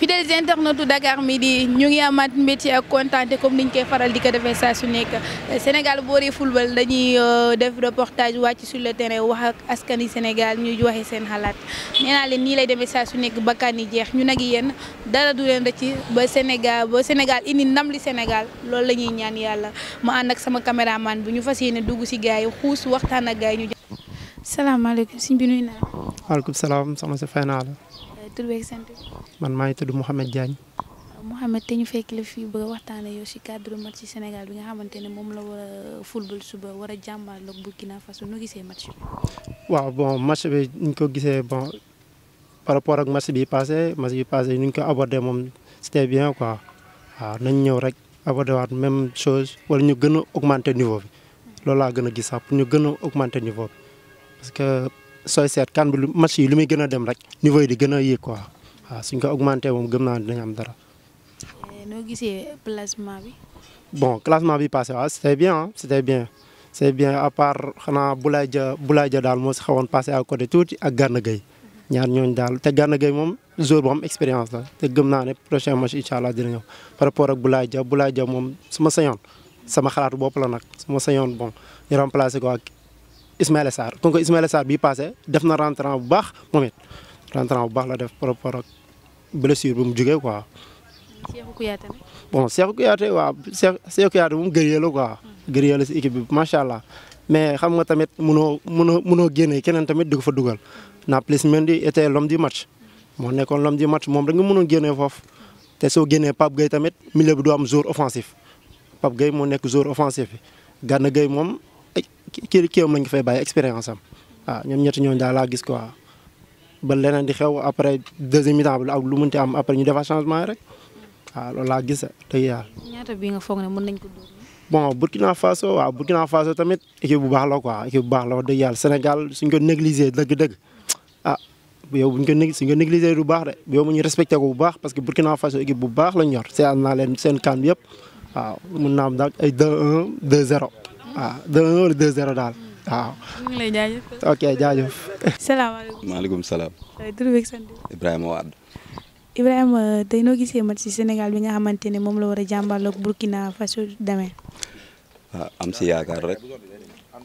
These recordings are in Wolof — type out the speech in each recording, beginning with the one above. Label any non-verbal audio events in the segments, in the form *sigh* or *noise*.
fidèles internautes Dakar Midi ñu ngi amaat métier ak kontaante comme ni niñ koy faral di ko defee saa su nekk Sénégal booree football dañuy euh, def reportage wàcc su le terrain wax ak askani Sénégal ñu waxee seen xalaat nee leen nii lay demee saa su nekk bakkan yi jeex ñu nag yéen dara du leen rëcc ba Sénégal ba Sénégal indi ndam li Sénégal loolu la ñuy ñaan yàlla ma ànd ak sama man bu ñu fas yéene dugg si gars yi xuus waxtaan ak gars yi ñu. salaamaaleykum sëñ bi nuyu naa. waaleykum salaam soxna tur beeg sant bi. man maa ngi tudd Mouhamed Diagne. Mouhamed te ñu fekk la fii bëgg a waxtaanee yow si cadre match Sénégal bi nga xamante ne moom la war a football suba war a jàmmaarloog Burkina Faso nu gisee match bi. waaw bon match bi ñu ko gisee bon par rapport ak match bi passé match bi passé ñu ko abordé moom c'était bien quoi waaw nañ ñëw rek abordé waat même chose wala ñu gën a augmenter niveau bi. loolu laa gën a gis sax pour ñu gën a augmenter niveau sooy seet kan bi lu match yi lu muy gën a dem rek niveau yi di gën a yéeg quoi waaw suñ ko augmenté moom gëm naa dinañ am dara. Eh, noo gisee placement bi. bon classement bi passé waaw c'était bien ah bien c'est bien à part xanaa Boulaye Dia Boulaye Dia daal moo si xawoon passé à côté tuuti ak Gana Gueye ñaar ñooñ daal te Gana Gueye moom jour bu am expérience la te gëm naa ne prochain match incha allah par rapport ak Boulaye Dia Boulaye Dia moom su ma sañoon sama xalaatu bopp la nag su ma sañoon bon ñu ko ak Ismaïla Sarr kon Ismaïla Sarr bii passé def na rentrant bu baax moom it rentrant bu baax la def par rapport ak blessure bu mu jugee quoi. Cheikhou bon Cheikhou Kouyaté waaw Cheikh Cheikhou Kouyaté moom guerrier la quoi. Hmm. guerrier la si équipe bi macha allah mais xam nga tamit mënoo mënoo mënoo génne keneen tamit di ko fa dugal Nampalys Mendy était l'homme di match. Hmm. moo nekkoon l'homme du match moom rek nga mënoon génnee foofu te soo génnee Pape Gueye tamit milieu bi du am joueur offensif Pape Gueye moo nekk joueur offensif bi Gana kii kiiwam lañ ko fay bàyyi expérience am waaw ñoom ñetti ñooñu daal laa gis quoi ba leneen di xew après deuxième mi-temps bi ak lu mënti am après ñu defa changement rek waaw loolu laa gis tey yàlla. bi nga foog ne mën nañ ko dóor. bon Burkina Faso waaw Burkina Faso tamit équipe bu baax la quoi équipe bu baax la wax yàlla Sénégal suñ ko négligé dëgg-dëgg ah yow buñ ko nég suñ ko négligé du baax de yow mu ñu respecté bu baax parce que Burkina Faso équipe bu baax la ñor. seetlu naa leen seen yëpp waaw mun naa am daal ay 2-1 2 waaw dana wala 2-0 daal waaw. ñu ngi lay jaajëf. ok jaajëf. *laughs* salaamaaleykum. salaam. tur Ibrahima Wade. Ibrahima tey noo gisee match si Sénégal bi nga xamante ne moom la war a jàmbaarloog Burkina Faso demee. Ah, am si yaakaar rek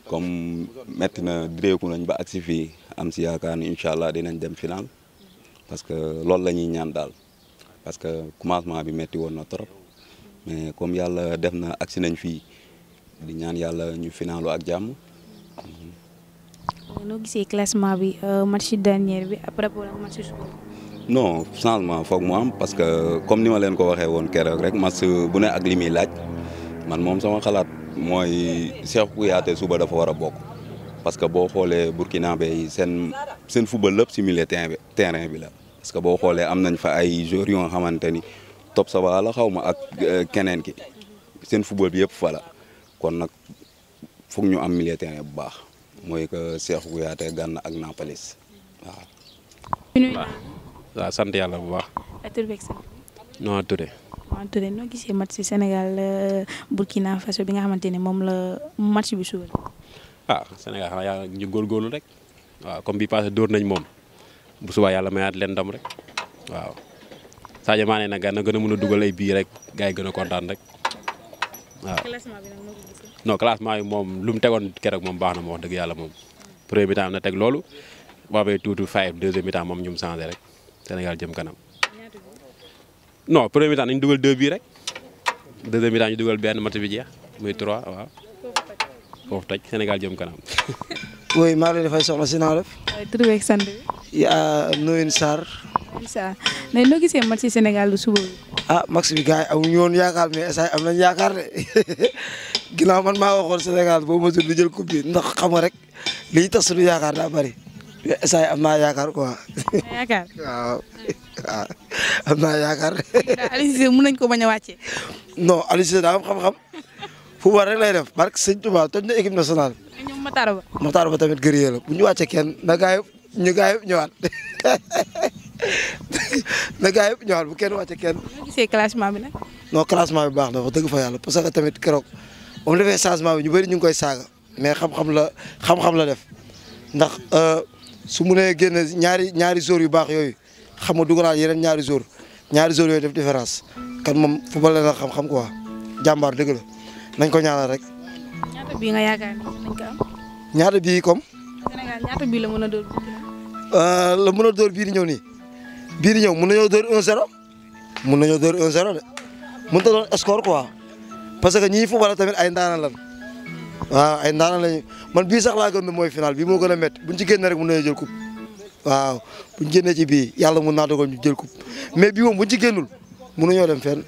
comme metti na direeku nañ ba agsi fii am si yaakaar ni incha allah dinañ dem final parce que loolu la ñuy ñaan daal parce que commencement bi métti woon na trop mais comme yàlla def na agsi nañ fii. di ñaan yàlla ñu finaalu ak jàmm. Euh, noo gisee classement bi euh, match dernier bi par rapport ak match suba. non changement foog mu am parce que comme ni ma leen ko waxee woon keroog rek match bu ne ak li laaj man moom sama xalaat mooy Cheikhou Kouyaté suba dafa war a bokk. parce que boo xoolee burkinabé yi seen seen football lépp si milieu terrain bi la parce que boo xoolee am nañ fa ay joueurs yoo xamante ni Top Saba xaw ma ak euh, keneen ki seen football bi yëpp fa kon nag foog ñu am milieu terrain bu baax mooy que Cheikhou Kouyaté Gana ak naa palis waaw waaw sant yàlla bu baax. non Touré. waaw Touré noo gisee match si Sénégal euh, Burkina Faso bi nga xamante ne moom la match bi suul. ah Sénégal xanaa yàlla ñu góorgóorlu rek waaw comme bi passé dóor nañ moom bu subaa yàlla mayaat leen dam rek waaw Sadio Mané nag na gën a mën a dugal ay bii rek gars yi gën a kontaan rek. waaw classement bi nag moo moom lu mu tegoon keroog moom baax na ma wax dëgg yàlla moom. premier mi-temps na teg loolu boo xamee tuuti faay deuxième mi moom ñu mu changé rek Sénégal jëm kanam. non deux bii rek deuxième mi-temps ñu dugal benn bi jeex muy trois waaw. foofu *laughs* si naa bi. yaa Noyin Sarr. Noyin Sarr mais suba bi. ah max bi gars yi amuñu woon yaakaar mais instant am nañ yaakaar de *laughs* ginnaaw man maa waxoon Sénégal boo ma jël jël coupe bi ndax xam nga rek li ñu tax suñu yaakaar daa bëri mais instant am naa yaakaar quoi. yaakaar *laughs* waaw waaw am naa yaakaar. Aliou Cissé mën nañ ko bañ a wàccee. non Aliou daa xam-xam lay def barke sëñ Touba toj na équipe nationale. ñoom Matar tamit gërëyee la bu ñu wàccee kenn na gars yi *laughs* *laughs* na gars yëpp ñëwaat bu kenn wàcce kenn. nga bi nag. non classement bi baax na wax dëgg fa yàlla parce que tamit keroog ba mu defee changement bi ñu bëri ñu ngi koy saaga mais xam-xam la xam-xam la def ndax euh, su mënee génne ñaari ñaari jours yu baax yooyu xam nga dugg naa yeneen ñaari jours ñaari jours yooyu def différence kan moom football la xam-xam quoi jàmbaar dëgg la nañ ko ñaanal rek. ñaata bii nga ñaata bii comme. Sénégal bii la mën a euh, a dóor bii di ñëw nii. bii di ñëw mun nañoo dóor 1-0 mun nañoo dóor 1-0 de mënut a doon score quoi parce que ñii football tamit ay ndaanaan lan waaw ay ndaanaan lañu man bii sax laa mooy final bii moo gën a métti buñ ci génnee rek mun nañoo jël coupe waaw bu génnee ci bii yàlla mun naa dogal ñu jël coupe mais bii moom buñ ci génnul mun nañoo dem fenn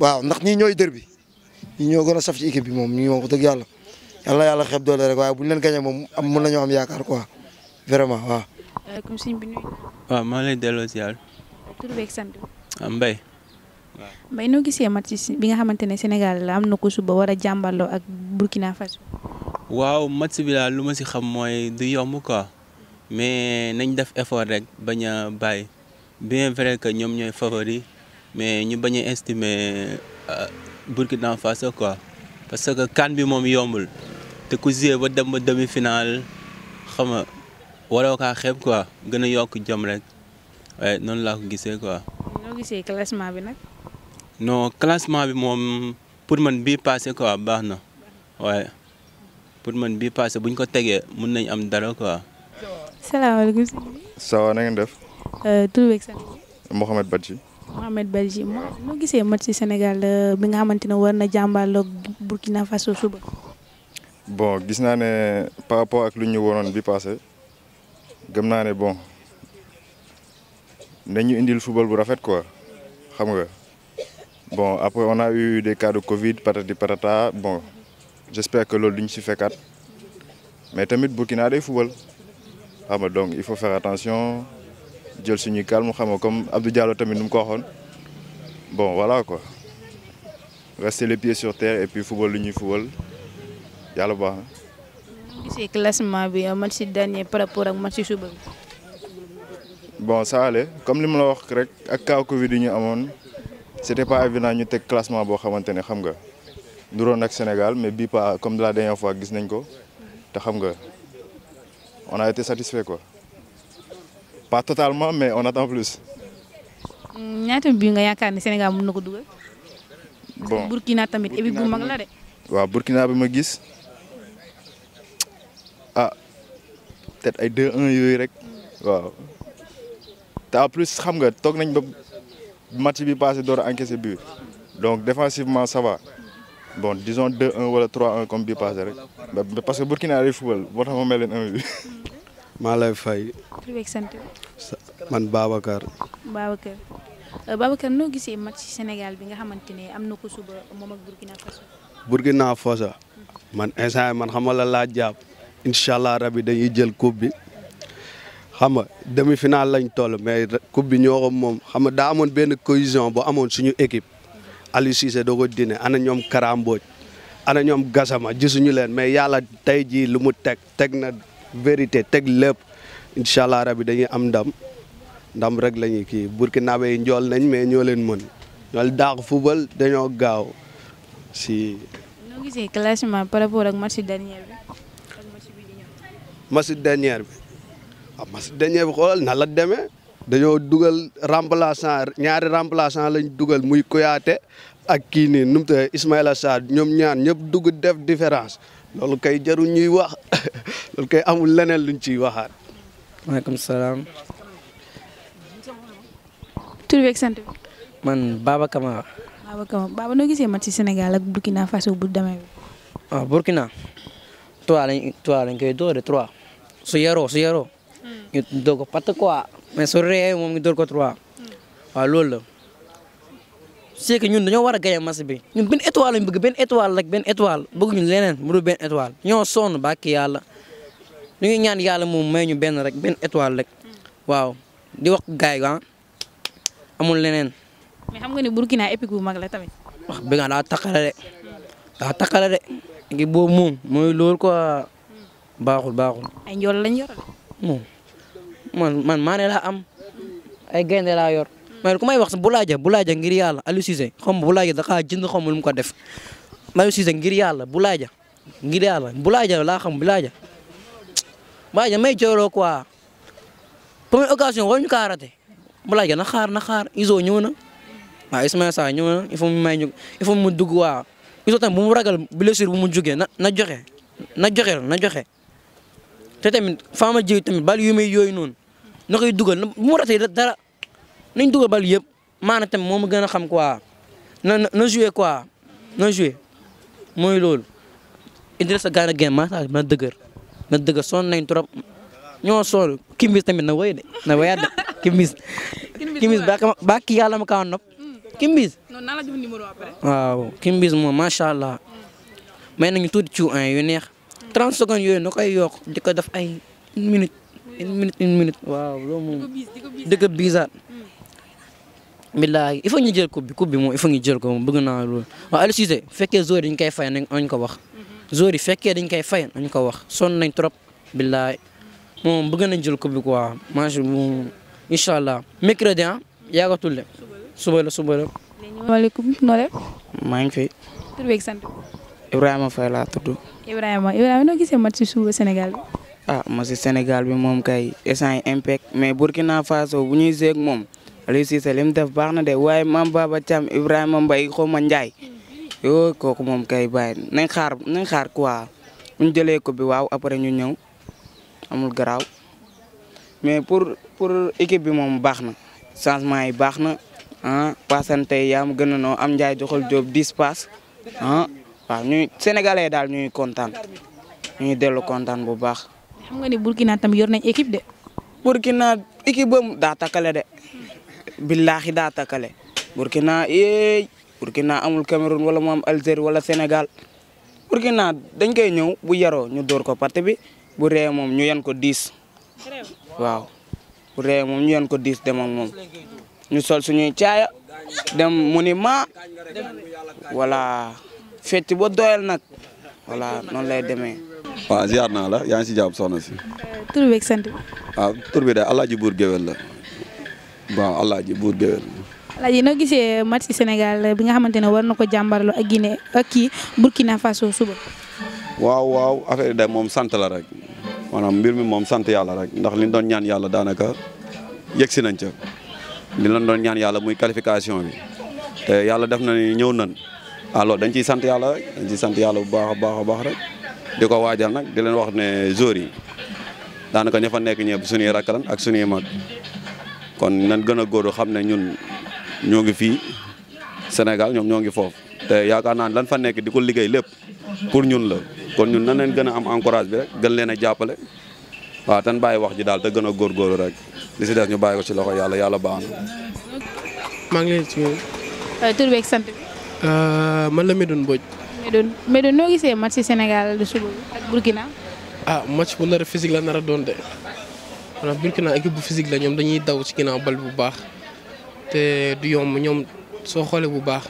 waaw ndax ñii ñooy dër bi ñii ñoo gën a saf ci équipe bi moom ñii moom wax dëgg yàlla yàlla yàlla xeeb doole rek waaye buñ leen gañee moom am mun nañoo am yaakaar quoi vraiment Euh, comme sëñ bi nuyu ah, waaw noo gisee match bi nga xamante ne Sénégal la am na ko suba war a jàmbaloo ak Burkina Faso. waaw match bi daal lu ma si xam mooy du yomb quoi mais nañ def effort rek bañ a bàyyi bien vrai que ñoom ñooy favori mais ñu bañ a estimer euh, Burkina Faso quoi parce que CAN bi moom yombul te ku joué ba dem demi-finale xam waroo kaa xeeb quoi gën a yokk jom rek waaye noonu laa ko gisee quoi. noo gisee classement bi nag. non classement bi moom pour man bii passé quoi baax na waaye pour man bii passé buñ ko tegee mun nañ am dara quoi. salaamaaleykum. ça va na ngeen euh, bi. Mouhamed Badji. gisee match ci Sénégal euh, bi nga xamante ne war na jàmbaarloog Burkina Faso suba. bon gis naa ne par rapport ak lu ñu waroon bi passé. gëm naa ne bon nañu indil football bu rafet quoi xam nga bon après on a eu des cas de Covid patati patata bon j'espère que loolu duñ si fekkaat mais tamit Burkina day football xam nga donc il faut faire attention jël suñuy calme xam nga comme Abdou Diallo tamit nu mu ko waxoon bon voilà ko rester le pieds sur terre et football lu ñuy football yàlla baax gisee classement bi euh, match si dernier par rapport ak match si suba bi. bon ça allait comme li ma la wax rek ak cas Covid yi ñu amoon c'était pas évident ñu teg classement boo xamante ne xam nga du doon ak Sénégal mais bii pas comme de la gis nañ ko te xam nga on a été satisfait quoi pas totalement mais on attend plus. Mm, ñaata bi nga yaakaar ne Sénégal mën na ko dugal. Burkina tamit équipe bu mag la de. waaw Burkina bi ma gis. peut ay 2-1 yooyu rek waaw te en plus xam nga toog nañ ba match bi passé door a encaissé but donc défensivement ça va bon disons 2-1 wala 3-1 comme bi passé rek parce que Burkina day football moo tax ma may leen 1 bi. *laughs* lay fay. man Babacar. Babacar euh, Babacar noo gisee match Sénégal bi nga xamante ne am na ko suba moom ak Burkina Faso. Burkina man instant man xamal la laa jàpp. incha allah rabi dañuy jël coupe bi xam nga demi final lañ toll mais coupe bi ñoo ko moom xam nga daa amoon benn cohésion bu amoon suñu équipe Aliou Cissé doo ko dine ana ñoom Karambooj ana ñoom Gassama gisuñu leen mais yàlla tey jii lu mu teg teg na vérité teg lépp incha allah rabi dañuy am ndam ndam rek la ñuy kii burkinabé yi njool nañ mais ñoo leen mën ñool daax football dañoo gaaw si. par rapport ak match dernier bi match dernier bi waaw ah, match dernier bi xoolal na la demee dañoo dugal remplaçant ñaari remplaçant lañ dugal muy Kouyaté ak kii nii nu mu tudd Ismaïla ñoom ñaar ñëpp dugg def différence loolu kay jarul ñuy wax *laughs* loolu kay amul leneen luñ ciy waxaat. maaleykum salaam. tur beeg sant bi. noo gisee match ci Sénégal ak Burkina Faso bu demee bi. ah Burkina. trois lañ trois lañ koy doore trois. su yaroo su yaroo. Hmm. ñu dóor ko pat quoi mais su réyee moom ñu dóor ko trois hmm. waaw loolu la. c'est que ñun dañoo war a gagné match bi ñun benn étoile lañ bëgg benn étoile rek benn étoile bëgg ñu leneen mu dul benn étoile ngi ñaan yàlla moom may ñu benn rek benn étoile rek hmm. waaw di wax gaay yi amul leneen. mais xam nga ni Burkina équipe bu mag la tamit. wax bi nga daa takkale de daa takkale de. ngi moom mooy loolu baaxul baaxul. ay njool man man maane laa am ay gaynde laa yor. mais ku may wax bu laaja bu laaja ngir yàlla Aliou Cissé bu laaja dafa jënd xam ko def Aliou Cissé ngir yàlla bu laaja ngir yàlla bu laaja laa xam bu laaja bu laaja may jooyloo quoi première occasion waruñu kaa raté bu laaja na xaar na xaar Iso ñëw na waaw Ismaïla Sarr ñëw na dugg waaw bu mu ragal blessure bu mu jugee na na joxe na joxe na te tamit faama jiw tamit bal yu may yooyu noonu na koy dugal bu mu dara nañ dugal bal yëpp maanaam tamit moom mu gën a xam quoi na na na joué quoi na mooy loolu. Idrissa Gana Gueye macha na dëgër na dëgër sonn nañ trop ñoo sonn kimbis tamit na woy de na woyaat de kimbis. ba ba kii yàlla ma kaa nopp hmm. kimbis. non naa la jox numéro après. waaw kimbis macha allah hmm. may nañu tuuti ci yu neex. 30 secondes yooyu na koy yokk di ko def ay une minute une minute une minute waaw loolu moom dëgg biisaat billaay il faut ñu jël coupe bi coupe bi moom il faut ñu jël ko moom bëgg naa loolu waaw Aliou Cissé fekkee joueur dañ koy fay nañ ko wax mhm. joueur yi fekkee dañ koy fay nañ ko wax sonn nañ trop billaay moom bëgg nañ jël coupe bi quoi match allah mercredi ah yaakaar le la suba la. maaleykum noo def. maa ngi fi. tur beeg sant. Ibrahima a noo gisee match si suba Sénégal bi. ah match si Sénégal bi moom kay instant yi impact mais Burkina Faso bu ñuy seeg moom Aliou Cissé li def baax na de waaye Mame Baba Thiam Ibrahima Mbaye xaw ma Ndiaye yoo kooku moom kay bàyyi nañ xaar nañ xaar quoi bu jëlee ko bi waaw après ñu ñëw amul garaaw mais pour pour équipe bi moom baax na changement yi baax na ah passante yi yaa gën a noo am Ndiaye joxal Diop 10 ah. waaw ñuy sénégalais daal ñuy kontaan ñuy dellu kontaan bu baax. xam nga Burkina tam yor nañ équipe de. Burkina équipe bam daa takkale de. billaahi daa takkale. Burkina yeey eh, Burkina amul Cameroun wala mu am Algérie wala Sénégal Burkina dañ koy ñëw bu yaroo ñu dóor ko parti bi bu ree moom ñu yan ko diis waaw bu moom ñu yan ko diis dem ak moom ñu sol suñuy caaya dem mu ni fecc ba doyal nag voilà noonu lay demee. waaw ziar naa la yaa ngi si jàpp soxna si. tur beeg sant bi. waaw tur bi de Alaaji Buur Géwél la bon Alaaji Buur Géwél. Alaaji noo gisee match Sénégal bi nga xamante ne war na ko jàmbarloo ak Guinée ak kii Burkina Faso suba. waaw waaw affaire de moom sant la rek maanaam mbir mi moom sant yàlla rek ndax li ñu doon ñaan yàlla daanaka yegg si nañ ca ñaan yàlla muy qualification bi te yàlla def na ni ñëw nan ah loolu dañ ciy sant yàlla rek sant yàlla bu baax a baax a baax rek di ko waajal nag di leen wax ne joueurs yi daanaka ña fa nekk ñëpp suñuy rakk lan ak suñuy mag kon nañ gën a góoru xam ne ñun ñoo ngi fii Sénégal ñoom ñoo ngi foofu te yaakaar naa ne lan fa nekk di ko liggéey lépp pour ñun la kon ñun nan leen gën am encourage bi rek gën leen a jàppale waaw tan bàyyi wax ji daal te gën a góorgóorlu rek li si des ñu bàyyi ko ci loxo yàlla yàlla baax na. Euh, man la Médoune Mbodj. Médoune Médoune noo gisee match Sénégal du suba ak Burkina. ah match bu nar a la nar a doon de maanaam Burkina équipe bu physique la ñoom dañuy daw ci ginnaaw bal bu baax te du yomb ñoom soo xoolee bu baax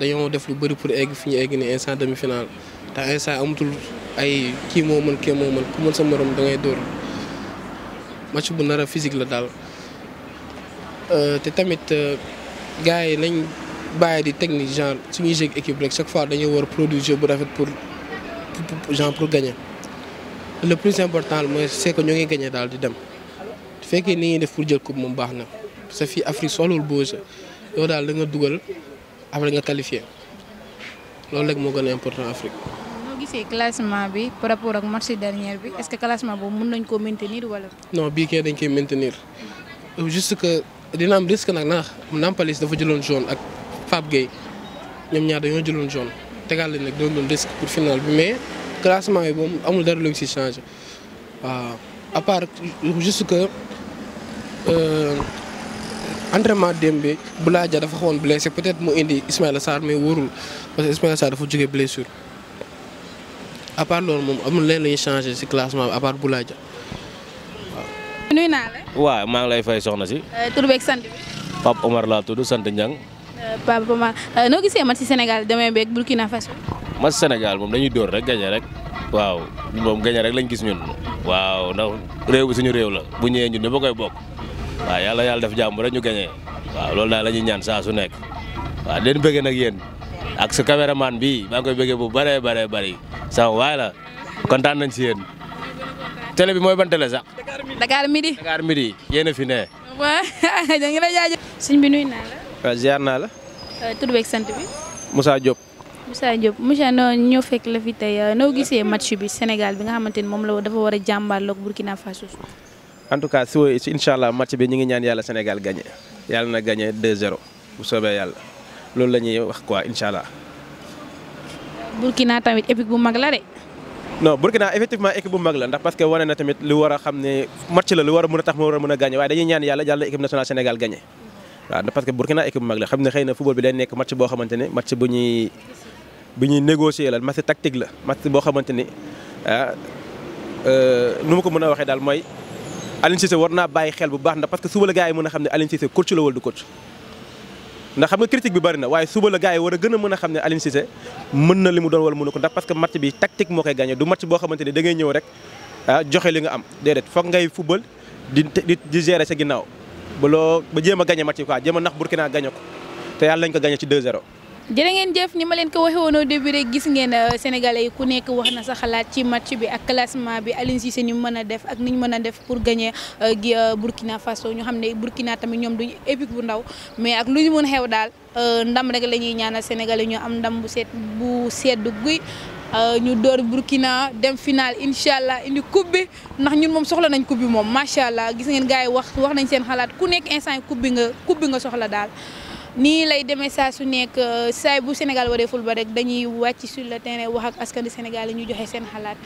dañoo def lu bëri pour egg fi ñu egg ni instant demi final te instant amatul ay kii moo mën kii moo mën ku mën sa morom da dóor match bu nar a la daal euh, te tamit euh, gars yi nañ. bàyyi di technique genre suñuy jeu équipe rek chaque fois dañoo war a produire bu rafet pour genre pour gagner le plus important mooy c'est que ñoo ngi gagner daal di dem su fekkee ni ñuy def pour jël coupe moom baax na parce que fii Afrique soxlawul beau jeu yow daal da nga dugal après nga qualifié loolu rek moo gën a important Afrique. noo gisee classement bi par rapport ak match dernier bi est-ce que classement boobu mën nañ koo maintenir wala. non bii kay dañ koy maintenir que dina am risque nag ndax Nampalys dafa jëloon jaune ak. Pape Gueye ñoom ñaar dañoo jëloon jaune tegal leen nag doon doon risque pour final bi mais classement yi moom amul dara lu ci changé waaw à part juste que euh, entraînement démb bi Boulaye Dia dafa xawoon blessé peut-être mu indi Ismaïla Sarr mais wóorul parce que Ismaïla Sarr dafa jógee blessure à loolu moom amul leen la ñuy changé ci classement bi à part Boulaye Dia waaw. nuyu maa ngi lay fay soxna si. Euh, tur beeg sant bi. sant Ndiang. Papa Ma euh, noo gisee match Sénégal demee beeg Burkina Faso. match Sénégal moom dañuy door rek gagné rek waaw moom gagné rek lañ gis ñun waaw ndax réew bi suñu réew la bu ñëwee ñun ñëpp koy bokk waaw yàlla yàlla def jàmm rek ñu gagné waaw loolu daal la ñaan saa su nekk waaw leen bëggee nag yéen ak sa caméraman bi maa ngi koy bëggee bu bëree bëree bari sama waay la kontaan nañ si yéen télé bi mooy ban télé sax. Dakar midi Dakar a fi ne. *laughs* waaw *laughs* da nga bi nuyu naa waaw ziar naa la. Euh, tur beeg sant bi. Moussa Diop. Moussa Diop monsieur noo ñoo fekk la fi tey euh, noo gisee match bi Sénégal bi nga xamante ni moom la dafa war a jàmbaarloog Burkina Faso. en tout cas si incha allah match ñu ngi ñaan yàlla Sénégal gagné yàlla na gagné 2-0 bu soobee yàlla loolu la ñuy wax quoi incha allah. Burkina tamit équipe bu mag la de. non Burkina effectivement équipe bu mag la ndax parce wane na tamit lu war a xam ne match la lu war a mën a tax mu war a mën a gagné waaye dañuy ñaan yàlla yàlla équipe nationale Sénégal gagné. waaw parce que Burkina équipe bu mag la xam ne xëy na football bi day nekk match boo xamante match bu ñuy bu ñuy négocier la match tactique la match boo xamante ni ah euh, nu ko mën a waxee daal mooy Aliou Cissé war naa bàyyi xel bu baax ndax que suba la gars a xam ne Aliou Cissé coach la wala du coach ndax xam nga critique bi bari na waaye suba la gars yi war a gën a mën a xam ne Aliou Cissé mën na li mu doon wala mënu ko ndax parce que match bi tactique moo koy gagné du match boo xamante ni da ñëw rek ah joxe li nga am déedéet foog ngay football di di gérer sa ginnaaw ba loo ba jéem a gagné match yi quoi jéem a nax Burkina gagné ko te yàlla nañ ko gagné ci 2-0. jërë ngeen jëf ni ma leen ko waxee woon au début rek gis ngeen euh, sénégalais yi ku nekk wax na sa xalaat ci match bi ak classement bi Aliou Cissé ni mu mën a def ak ni ñu mën a def pour gagner euh, gi euh, Burkina façon ñu xam ne Burkina tamit ñoom duñ épique bu ndaw mais ak lu ñu mën xew daal ndam rek la ñuy ñaanal sénégalais ñu am ndam bu set bu sedd guy. Euh, ñu door Burkina dem final incha allah indi coupe ndax ñun moom soxla nañ coupe bi moom macha allah gis ngeen gars yi wax wax nañ seen xalaat ku nekk instant yi coupe bi nga coupe bi nga soxla daal. nii lay demee saa su nekk euh, saay bu Sénégal waree ful ba rek dañuy wàcc sur le terrain wax ak askan wi Sénégal yi ñu joxe seen xalaat.